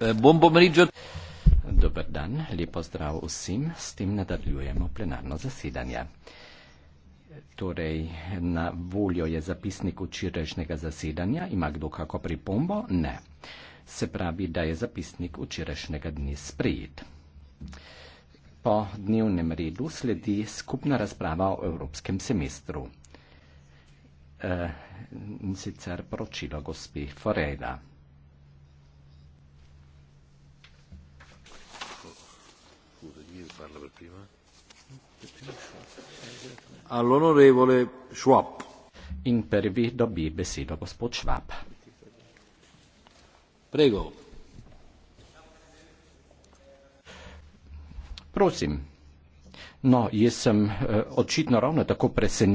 Eh, buon pomeriggio. Dober dan, lepo zdrav vsem. S tem nadaljujemo plenarno zasedanje. Torej, na voljo je zapisnik včerajšnjega zasedanja. Ima kdo kako pripombo? Ne. Se pravi, da je zapisnik včerajšnjega dne sprejet. Po dnevnem redu sledi skupna razprava o evropskem semestru eh, in sicer poročilo gospi Foreda. All'onorevole Schwab. In per vi dobbi besido gospod Schwab. Prego. Prosim. No, jaz sem uh, očitno ravno tako presenjen.